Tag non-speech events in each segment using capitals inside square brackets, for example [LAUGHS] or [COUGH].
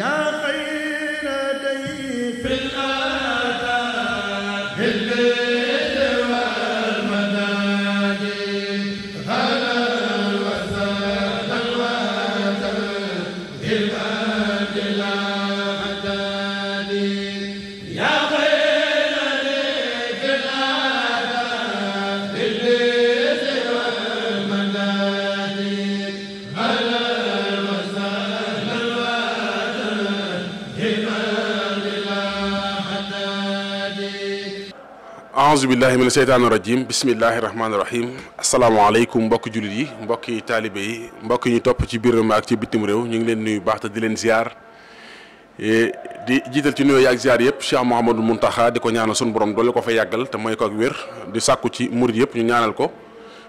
yaa aousubillahi mina seytaani rajim bismillahi rahmaani rahim asalaamaaleykum mbokki jullit yi mbokki taalibe yi mbokki ñu topp ci biir ak ci bitim réew ñu ngi leen nuyu baax te di leen ziar eh, di jiital ci nuyoo yaag ziar yëpp Cheikh Mouhamadou Mountakha di ko ñaanal sunu borom doole ko fa yàggal te mooy ko ak wér di sàkku ci murit yëpp ñu ñaanal ko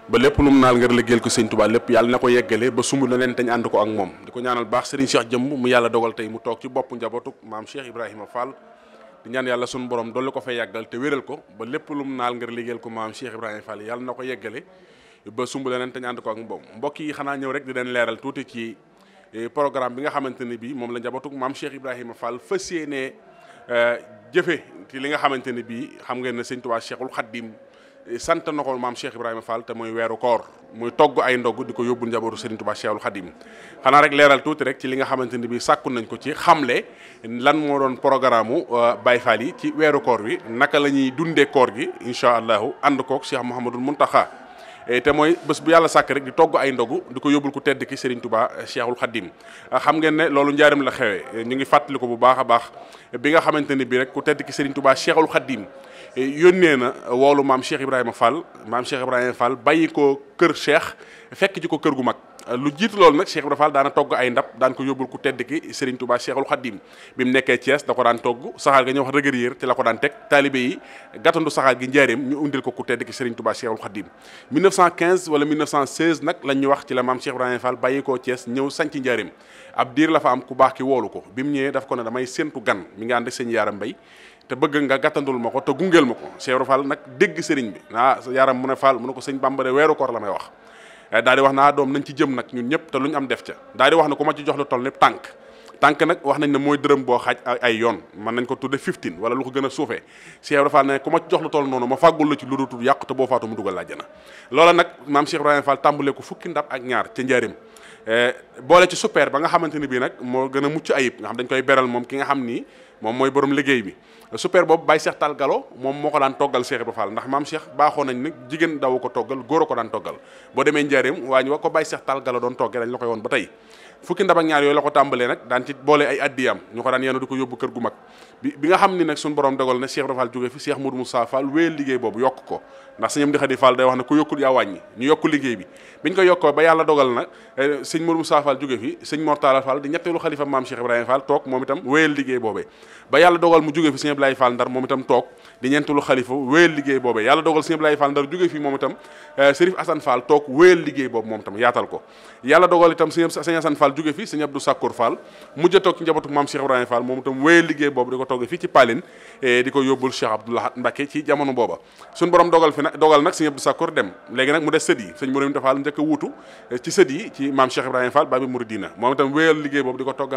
ba lépp lu mu naal ngir liggéeyal ko sëñ Tuubaa lépp yàlla na ko yeggale ba sumb na leen tañ ànd moom di ko ñaanal baax Serigne Cheikh jëmb mu yàlla dogal tey mu toog ci bopp njabootu maam Cheikh Ibrahima Fall di ñaan yàlla sunu borom dolli ko fa yàggal te wéral ko ba lépp lu mu naal ngir liggéeyal ko maam Cheikh Ibrahima Fall yàlla na ko yeggale ba sumb leneen te ñaan ànd ko ak mboom mbokk yi xanaa ñëw rek di leen leeral tuuti ci eh, programme bi nga xamante ne bii moom la njabootug maam Cheikh Ibrahima Fall fas yéenee eh, jëfe ci li nga xamante ne bii xam ngeen ne sëñ Tuubaa Cheikhul Xaddim sant na ko maam Cheikh Ibrahima Fall te mooy weeru koor muy togg ay ndogg di ko yóbbul njabootu Serigne Touba Cheikhul Khadim xanaa rek leeral tuuti rek ci li nga xamante ni bii sàkku nañ ko ci xamle lan moo doon programme mu euh, Baye Fall yi ci weeru koor wi naka la ñuy dundee koor gi incha allahu ànd koog Cheikh Mouhamadul Mountakha te mooy bés bu yàlla sàkk rek di togg ay ndogu di ko yóbbul ku tedd ki Serigne Touba euh, Cheikhul Khadim euh, xam ngeen ne loolu njaaram la xewee ñu ngi fàttali ko bu baax a baax bi nga xamante ni bii rek ku tedd ki Serigne Touba Cheikhul Khadim yónnee na woolu maam Cheikh Ibrahima Fall maam Cheikh Ibrahima Fall bàyyi ko kër Cheikh fekk ji ko kër gu mag lu jiitu lool nag Cheikh Ibrahima Fall daana togg ay ndab daan ko yóbbul ku tedd ki Serigne Touba Cheikhul Khadim bi mu nekkee Thiès da ko daan togg saxaar ga ñuy wax rëgërière ci la ko daan teg taalibe yi gàttandu saxaar gi njaareem indil ko ku tedd ki Serigne Touba Cheikhul Khadim 1915 wala 1916 nag lañ ñu wax ci la maam Cheikh Ibrahima Fall bàyyi ko Thiès ñëw sanc njaareem ab diir la fa am ku baax ki woolu ko bi mu ñëwee daf ko ne damay séntu gan mi ngi ànd ak sëñ Yaaram te bëgg nga gàttandul ma ko te gungeel ma ko Cheikh Ibra Fall nag dégg sëriñ bi ah yaram mu ne Fall mu ne ko sëñ Bambara weeru koor la may wax eh, daal wax naa doom nañ ci jëm nag ñun ñëpp te lu ñu am def ca daal di wax ne ku ma ci jox lu toll lépp tànk tànk nag wax nañ ne mooy dërëm boo xaaj ay yoon mën nañ ko tudde 15 wala lu ko gën a suufee Cheikh Ibra Fall ne ku jox lu toll noonu ma fàggul la ci lu dootul yàqu te boo faatu mu dugal laajana loola nag maam Cheikh Ibrahima Fall ko fukki ndab ak ñaar ca njaarim eh, boole ci super ba nga xamante ni bii nag moo gën a mucc ayib nga xam dañ koy beral moom ki nga xam ni moom mooy borom liggéey bi super boobu Baye Cheikh Tall Galo moom moo ko daan toggal Cheikh Ibra Fall ndax maam Cheikh baaxoo nañ nag jigéen daw ko toggal góor a ko daan toggal boo demee njaareem waañ wa ko Baye Cheikh Tall Galo doon toggee dañ la koy woon ba tey fukki ndab ak ñaar yooyu la ko tàmbalee nag daan ci boole ay addiyam ñu ko daan yenu di ko yóbbu kër gu mag bi nga xam ni nag suñu borom dogal na Cheikh Ibra Fall jóge fi Cheikh Modou yokk ko ndax sëñam di Xadi Fall day wax ne ku yokkul yaa wàññi ñu yokk liggéey bi biñ ko yokkoo ba yàlla dogal na eh, sëñ Modou Moussa Fall jóge fi sëñ Mortala Fall di ñetteelu xalifa maam Cheikh Ibrahima Fall toog moom itam wéyal liggéey boobee ba yàlla dogal mu jóge fi sëñ Ablaye Fall Ndar moom itam toog di ñeentulu xalifa wéyal liggéey boobu yàlla dogal sëñ Ablaye Fall ndar jógee fii moom itam eh, Serif Assane Fall toog wéyal liggéey boobu moom itam yaatal ko yàlla dogal itam sëñ sëñ Assane Fall jógee fii sëñ a toog ci njabootu maam Cheikh Ibrahima Fall moom itam wéyal liggéey boobu di ko toggee fii ci Paline eh, di ko yóbbul Cheikh Abdou ci jamono booba suñ borom dogal fi nag dogal nag sëñ Abdou Sakkour dem léegi nag mu des sët yi sëñ Mourou Fall njëkk a wuutu eh, ci sët yi ci maam Cheikh Ibrahima Fall Babi Mouridina moom liggéey boobu di ko togg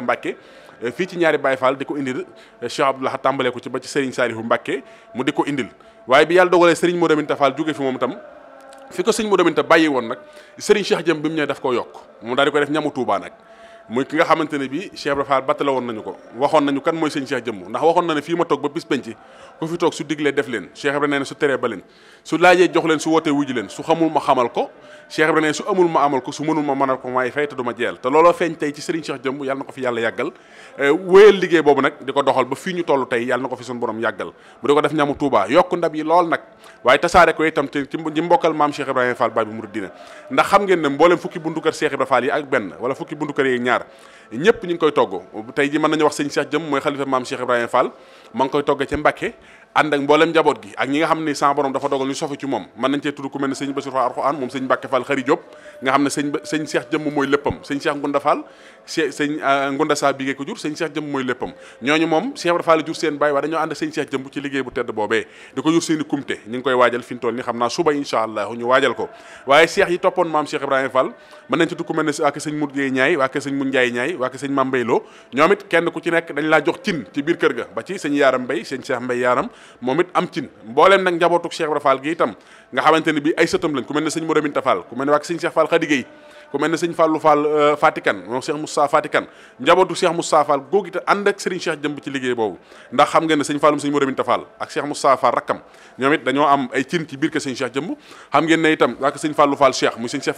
fii ci ñaari Baye Fall di ko indil Cheikh Abdou Lahad ko ci ba ci Serigne Saliou Mbacké mu di ko indil waaye bi yàlla dogalee Serigne Modou Aminta Fall jóge fi moom itam fi ko sëñ Modou bàyyi woon nag Serigne Cheikh Jëm bi mu ñëwee daf ko yokk mu daal di ko def ñamu Touba nag muy ki nga xamante ne bii Cheikh Ibra Fall battale woon nañu ko waxoon nañu kan mooy sëñ Cheikh Jëmm ndax waxoon na ne fii ma toog ba bis penc ku fi toog su diglee def leen Cheikh Ibra nee na su teree ba leen su laajee jox leen su wootee wuji leen su xamul ma xamal ko Cheikh Ibrahima su amul ma amal ko su mënul ma mënal ko maay fay te du ma jeel te looloo feeñ tey ci Serigne Cheikh Jëmb yàlla na ko fi yàlla yàggal eh, wéyal liggéey boobu nag di ko doxal ba fi ñu toll tey yàlla na ko fi suñu borom yàggal mu di ko def ñamu Touba yokk ndab yi lool nag waaye tasaare ko itam te ci mbokkal maam Cheikh Ibrahima Fall Baay bi Mouridina ndax xam ngeen ne mboolem fukki buntu kër Cheikh Ibrahima Fall yi ak benn wala fukki buntu ñu ngi koy togg tey ji mën nañu wax Serigne Cheikh Jëmb mooy xalifa maam ngi koy togg ca Mbàkke ànd ak mboolem njaboot gi ak ñi nga xam ne sa borom dafa dogal ñu sofe ci moom mën nañ cee tudd ku mel ne ko jur sëñ Cheikh Jëmm mooy moom Cheikh Ibra Fall jur seen bàyyi waaye dañoo ànd ak sëñ liggéey bu tedd boobee di ko jur seen i kumte ñu ngi koy waajal fi ñu toll ni xam naa suba incha allah ñu waajal ko waaye Cheikh yi toppoon maam Cheikh Ibrahima Fall mën nañ ci tudd ku mel ne waa ke Ñaay waa ke sëñ Mun Njaay Ñaay waa ke sëñ Mam Mbayloo ñoom it kenn ku ci nekk dañ laa jox cin ci biir kër ga ba ci sëñ Yaaram Mbay sëñ Cheikh Mbay Yaaram moom it am cin mbooleem nag njabootuk Cheikh Ibra Fall gi itam nga xamante ni bi ay sëtam lañ ku mel ne sëñ Moraminta Fall ku mel ne waak sëñ Cheikh Fall Khady ku mel ne sëñ Fallou Fall euh, Fatikan moom Cheikh Moussa Fatikan njabootu Cheikh Moussa Fall googu te ànd ak Serigne Cheikh jëmb ci liggéey boobu ndax xam ngeen ne sëñ Fallum sëñ Moraminta Fall ak Cheikh Moussa Fall ñoom dañoo am ay cin ci biir kër sëñ Cheikh jëmb xam ngeen ne itam waak sëñ Fallou Fall Cheikh muy sëñ Cheikh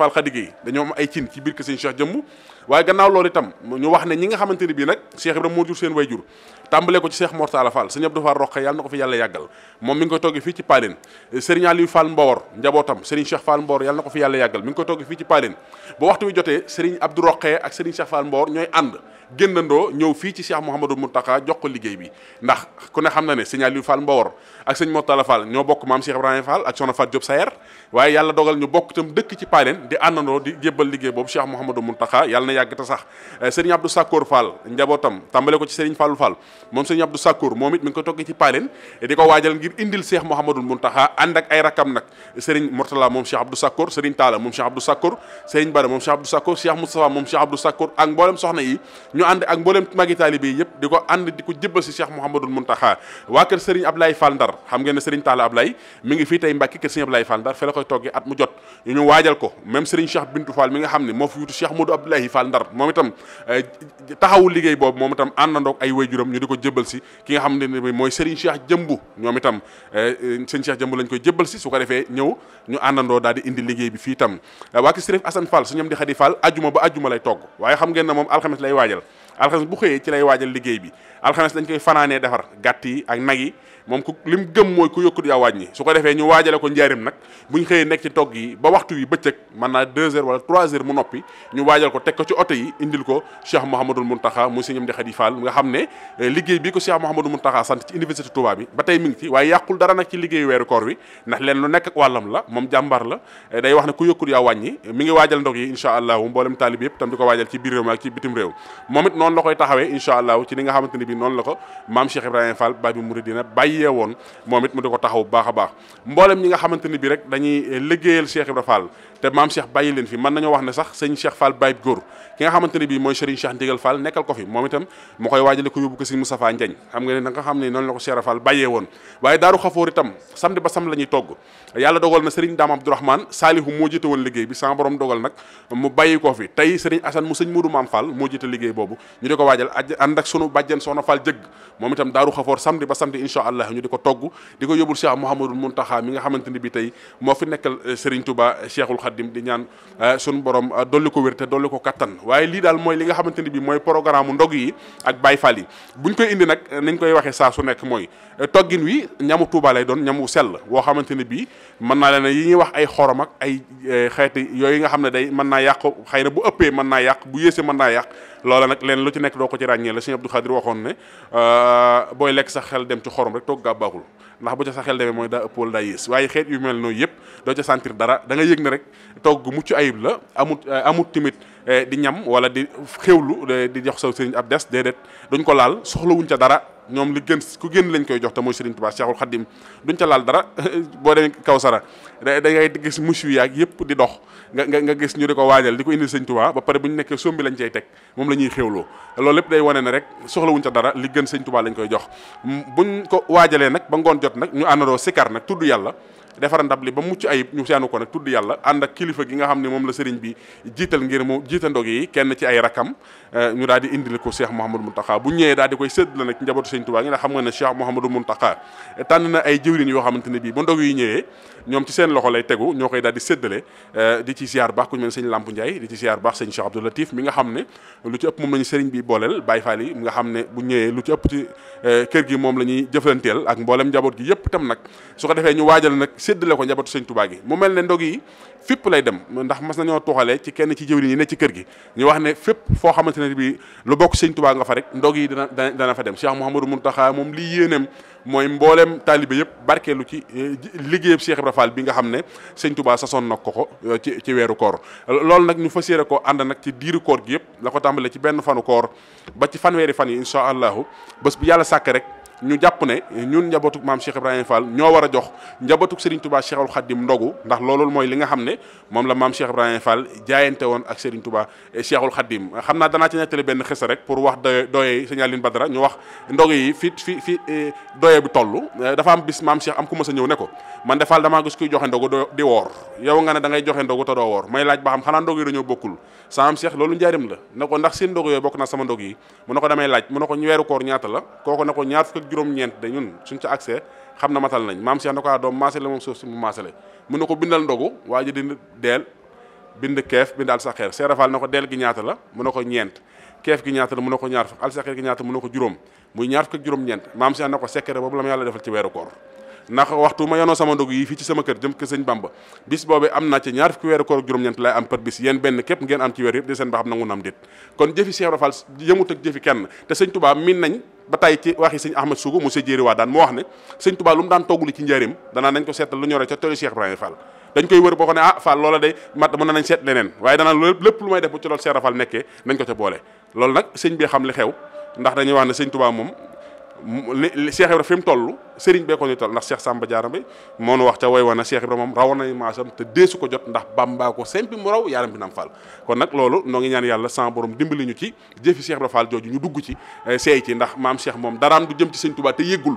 dañoo ay cin ci biir kër sëñ waaye gannaaw loolu itam ñu wax ne ñi nga xamante ni bii nag Cheikh Ibrahima moo jur seen way jur tàmbale ko ci Cheikh Mor Talla Fall Serigne Abdou Fall Roqe yàlla na ko fi yàlla yàggal moom mi ngi koy toggi fii ci Paline Serigne Aliou Fall Mbowor njabootam Serigne Cheikh Fall Mbowor yàlla ko fi yàlla yàggal mi ngi koy toggi fii ci Paline bu waxtu wi jotee Serigne Abdou Roqe ak Serigne Cheikh Fall Mbowor ñooy ànd génnandoo ñëw fii ci Cheikh Mouhamadou Mountakha jox ko liggéey bi ndax ku ne xam na ne sëñ Aliou Fall Mbawor ak sëñ Moutala Fall ñoo bokk maam Cheikh Ibrahima Fall ak soxna Fatou Diop Sayer yàlla dogal ñu bokk itam dëkk ci Paalen di àndandoo di jébbal liggéey boobu Cheikh Mouhamadou Mountakha yàlla na yàgg te sax eh, sëriñ Abdou Sakkour njabootam tàmbale ko ci sëriñ Fallou Fall moom sëriñ Abdou Sakkour moom it mi ko toggee ci Paalen ko waajal ngir indil Cheikh Mouhamadou Mountakha ànd ak ay rakam nag sëriñ Mourtala moom Cheikh Abdou Sakkour sëriñ Talla moom Cheikh Abdou Sakkour sëriñ Bada moom Cheikh Abdou Sakkour Cheikh Moustapha moom Cheikh Abdou Sakkour ak mboolem soxna yi ñu ànd ak mboolem magi taalibe yi yëpp di ko ànd di ko jëbbal si Cheikh Mouhamadul Mountakha waa kër Serigne Ablaye xam ngeen ne Serigne Talla Ablaye mi ngi fii tey Mbàkke kër Serigne Ablaye koy toggee at mu jot ñu ñu waajal ko même Serigne Cheikh Bintou Fall mi nga xam ne moo fi wutu Cheikh Modou Abdoulaye Fall Ndar moom itam euh, liggéey boobu moom itam àndandoog ay wayjuram ñu di ko jëbbal si ki nga xam ne mooy Serigne Cheikh Jëmbu ñoom itam euh, euh, lañ koy jëbbal si su ko defee ñëw ñu àndandoo daal di indi liggéey bi fii tam waa kër Serigne Assane Fall su ñoom di Xadi Fall ajuma ba ajuma lay togg waaye xam ngeen ne moom alxames lay waajal alxames bu xëyee ci lay waajal liggéey bi alxames dañ koy fanaanee defar gàtt yi ak nag yi moom ku lim gëm mooy ku yokkut yaa wàññi su ko defee ñu waajale ko njaarim nag buñ xëyee nekk ci togg yi ba waxtu wi bëccëg mën naa deux heures wala trois heures mu noppi ñu waajal ko teg ko ci yi indil ko Cheikh Mouhamadul Mountakha mu sëñam di Xadi Fall nga xam ne eh, liggéey bi ko Cheikh Mouhamadul Mountakha sant ci ba tey mi ngi ci waaye yàqul dara nag ci liggéeyu weeru koor wi ndax leen lu nekk la moom jàmbar la eh, day wax ku yokkut yaa wàññi mi ngi waajal ndog yi incha allah mboolem taalib yëpp tam di ko waajal ci biir réew moom it noonu la koy taxawee incha allah ci li nga xamante ni bi noonu la ko maam Cheikh Ibrahima Fall Babi Mouridina bàyyee woon moom it mu di ko taxaw bu baax a baax mboolem ñi nga xamante ni bi rek dañuy liggéeyal Cheikh Ibrahima Fall te maam Cheikh bàyyi leen fi mën nañoo wax ne sax sëñ Cheikh Fall Baye góor ki nga xamante ne bii mooy Serigne Cheikh Ndigal Fall nekkal ko fi moom itam mu koy waajale ko yóbbu ko ne da nga xam ne noonu la ko Cheikh Fall bàyyee woon waaye togg yàlla dogal na Serigne Dame Abdourahmane Saalihu moo jiite woon liggéey bi sama borom dogal nag mu bàyyi ko fi tey Serigne Assane mu sëñ Modou Maam moo jiite liggéey boobu ñu di ko waajal ànd ak sunu bàjjen Soxna Fall jëgg moom itam daaru xafoor samedi ba samedi incha allah ñu di ko togg di ko yóbbul Cheikh Mouhamadou Mountakha mi nga xamante ne bi tey moo fi nekkal Serigne Touba Cheikhul Xaddim di ñaan eh, sunu borom eh, dolli ko wér te dolli ko kattan waaye lii daal mooy li nga xamante ni bi mooy programme ndog yi ak Baye Fall yi buñ koy indi nag eh, niñ koy waxee saa su nekk mooy toggin wi ñamu Touba lay doon ñamu sell woo xamante ni bii mën naa leen ne yi ñuy wax ay xorom ak ay xeeti yooyu nga xam ne day mën naa yàq xëy na bu ëppee mën naa yàq bu yéesee man naa yàq loola nag leen lu ci nekk doo ko ci ràññee la sëñ Abdou Khadir waxoon ne euh, booy lekk sa xel dem ci xorom rek toog gaa baaxul ndax bu ca sa xel demee mooy da ëpp wala daa yées waaye xeet yu mel noonu yëpp doo ca sentir dara dangay nga yëg ne rek togg gu mucc ayib la amut euh, amut timit euh, di ñam wala di xewlu di jox sa sëriñ ab des déedéet duñ ko laal soxlawuñ ca dara ñoom li gën ku génn lañ koy jox te mooy Serigne Touba Cheikhul Khadim duñ ca laal dara [LAUGHS] boo demee Kawsara da ngay gis mus yu yaag yëpp di dox nga nga nga gis ñu di ko waajal di ko indi Sëñ Touba ba pare bu ñu nekkee sombi lañ cay teg moom lañuy ñuy loolu lépp day wane ne rek soxlawuñ ca dara li gën Sëñ Touba lañ koy jox buñ ko waajalee nag ba ngoon jot nag ñu àndandoo sikar nag tudd yàlla defar ndab li ba mucc ayib ñu seenu ko nag tudd yàlla ànd ak kilifa gi nga xam ne moom la sëriñ bi jiital ngir mu jiita ndog yi kenn ci ay rakam euh, ñu daal di indil ko Cheikh Mouhamadou Mountakha bu ñëwee daal di koy sédd la nag njabootu sëriñ Tuubaa ngi ndax xam nga ne euh, tànn na ay jëwriñ yoo xamante ne bii ba ndog yi ñëwee ñoom ci seen loxo lay tegu ñoo koy daal di séddale euh, di ci ziar baax ku ñu mel sëñ Lamp Ndiaye di ci ziar baax sëñ Cheikh Abdou Latif mi nga xam ne lu ci ëpp moom lañu sëriñ bi booleel Baye Fall yi nga xam ne bu ñëwee Eh, kër gi moom la ñuy jëflanteel ak mboolem njaboot gi yëpp itam nag su ko defee ñu waajal nag séddale ko njabootu sëñ Tuubaa mu mel ne ndog yi fépp lay dem ndax mas nañoo tuuxalee ci kenn ci jëwriñ yi ne ci kër gi ñu wax ne fépp foo xamante ne bi lu bokk sëñ Tuubaa nga fa rek ndog yi dana dana fa dem Cheikh Mouhamadou Mountakha moom lii yéeneem mooy mbooleem taalibe yëpp barkeelu ci eh, liggéeyab Cheikh Ibra Fall bi nga xam ne sëñ Tuubaa sasoon na ko ko eh, ci ci weeru koor loolu nag ñu fa yéene ko ànd nag ci diiru koor gi yëpp la ko tàmbale ci benn fanu koor ba ci weeri fan yi incha allahu bu yàlla sàkk rek ñu jàpp ne ñun njabootuk maam Cheikh Ibrahima Fall ñoo war a jox njabootuk Serigne Touba Cheikhul Khadim ndogu ndax loolu mooy li nga xam ne moom la maam Cheikh Ibrahima Fall jaayante woon ak Serigne Touba eh, Cheikhul Khadim xam naa danaa ci nettali benn xisa rek pour wax doye doye sëñ Aline wax ndogu yi fi fi fi eh, doye bi toll eh, dafa am bis maam Cheikh ku mas a ñëw ne ko man de Fall damaa gis kuy joxe ndogu di woor yow nga ne da ngay joxe ndogu te doo woor laaj ba xam xanaa ndogu yi dañoo bokkul saam Cheikh loolu la ne ko ndax seen ndogu yooyu bokk na sama ndogu yi mu ne ko damay laaj mu ne ko ñu weeru koor ñaata la kooku ne ko ñaar fukk juróom-ñeent dañun ñun suñ ca accès xam na matal nañ maam Cheikh na ko ah doom maasale moom suuf si mu maasale mun na ko bindal ndogu waa ji di deel bind keef bind alsaxeer seerafal na ko deel gi ñaata la mun na ko ñeent keef gi ñaata la mun na ko ñaar fukk alsaxeer gi ñaata mun na ko juróom muy ñaar fukk ak juróom-ñeent maam Cheikh na ko secret boobu la ma yàlla defal ci weeru koor ndax waxtu ma yoonoo sama ndog yi fii ci sama kër jëm kër sëñ Bamba bis boobu am naa ci ñaar fukki weeru koor ak juróom-ñeent laay am par bis yéen benn képp ngeen am ci weer yëpp di seen ba xam nangu na déet kon jëfi Cheikh Rafal yëmut ak jëfi kenn te sëñ Touba min nañ ba tey ci waxi sëñ Ahmad Sougou mu jéeri waa daan moo wax ne sëñ Touba lu mu daan togguli ci njëriñ danaa nañ ko seetal lu ñoree ca toolu Cheikh Ibrahima Fall dañ koy wër boo ko ne ah Fall loola na nañ seet leneen waaye danaa loolu lépp lu may def bu ci loolu Cheikh Rafal ko ca boole loolu xam li xew ndax dañuy wax ne sëñ Touba moom li Cheikh Ibra fi mu toll sëriñ bee ko ndax seex Samba Diarra Mbaye moo nu wax ca way wana Cheikh Ibra moom rawoon nañu maasam te deesu ko jot ndax Bàmbaa ko sempi mu raw yaaram bi nam Fall kon nag loolu noo ngi ñaan yàlla sans borom dimbali ñu ci jëfi Cheikh Ibra Fall jooju ñu dugg ci eh, seey ci ndax maam Cheikh moom daraam du jëm ci sëñ Tuubaa te yëggul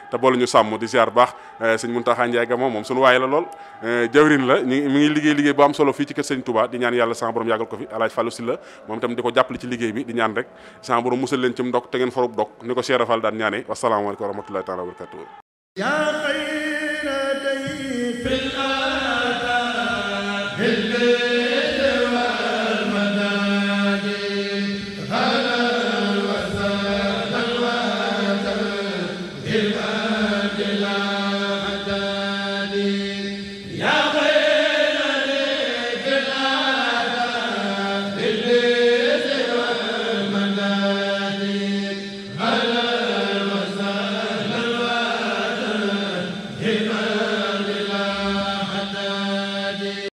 te boole ñu sàmm di ziar baax eh, sëñ Muntaxa Njaay ga moom moom suñu waaye la lool eh, jawrin la ñu mi ngi liggéey liggéey bu am solo fii ci kër sëñ Touba di ñaan yàlla sama borom yàggal ko fi alaaj Fallou Sylla moom itam di ko jàppale ci liggéey bi di ñaan rek sama borom musal leen ci mu ndok te ngeen forub dok ni ko a Rafal daan ñaanee wasalaamaaleykum wa rahmatullahi taala wa barakatuh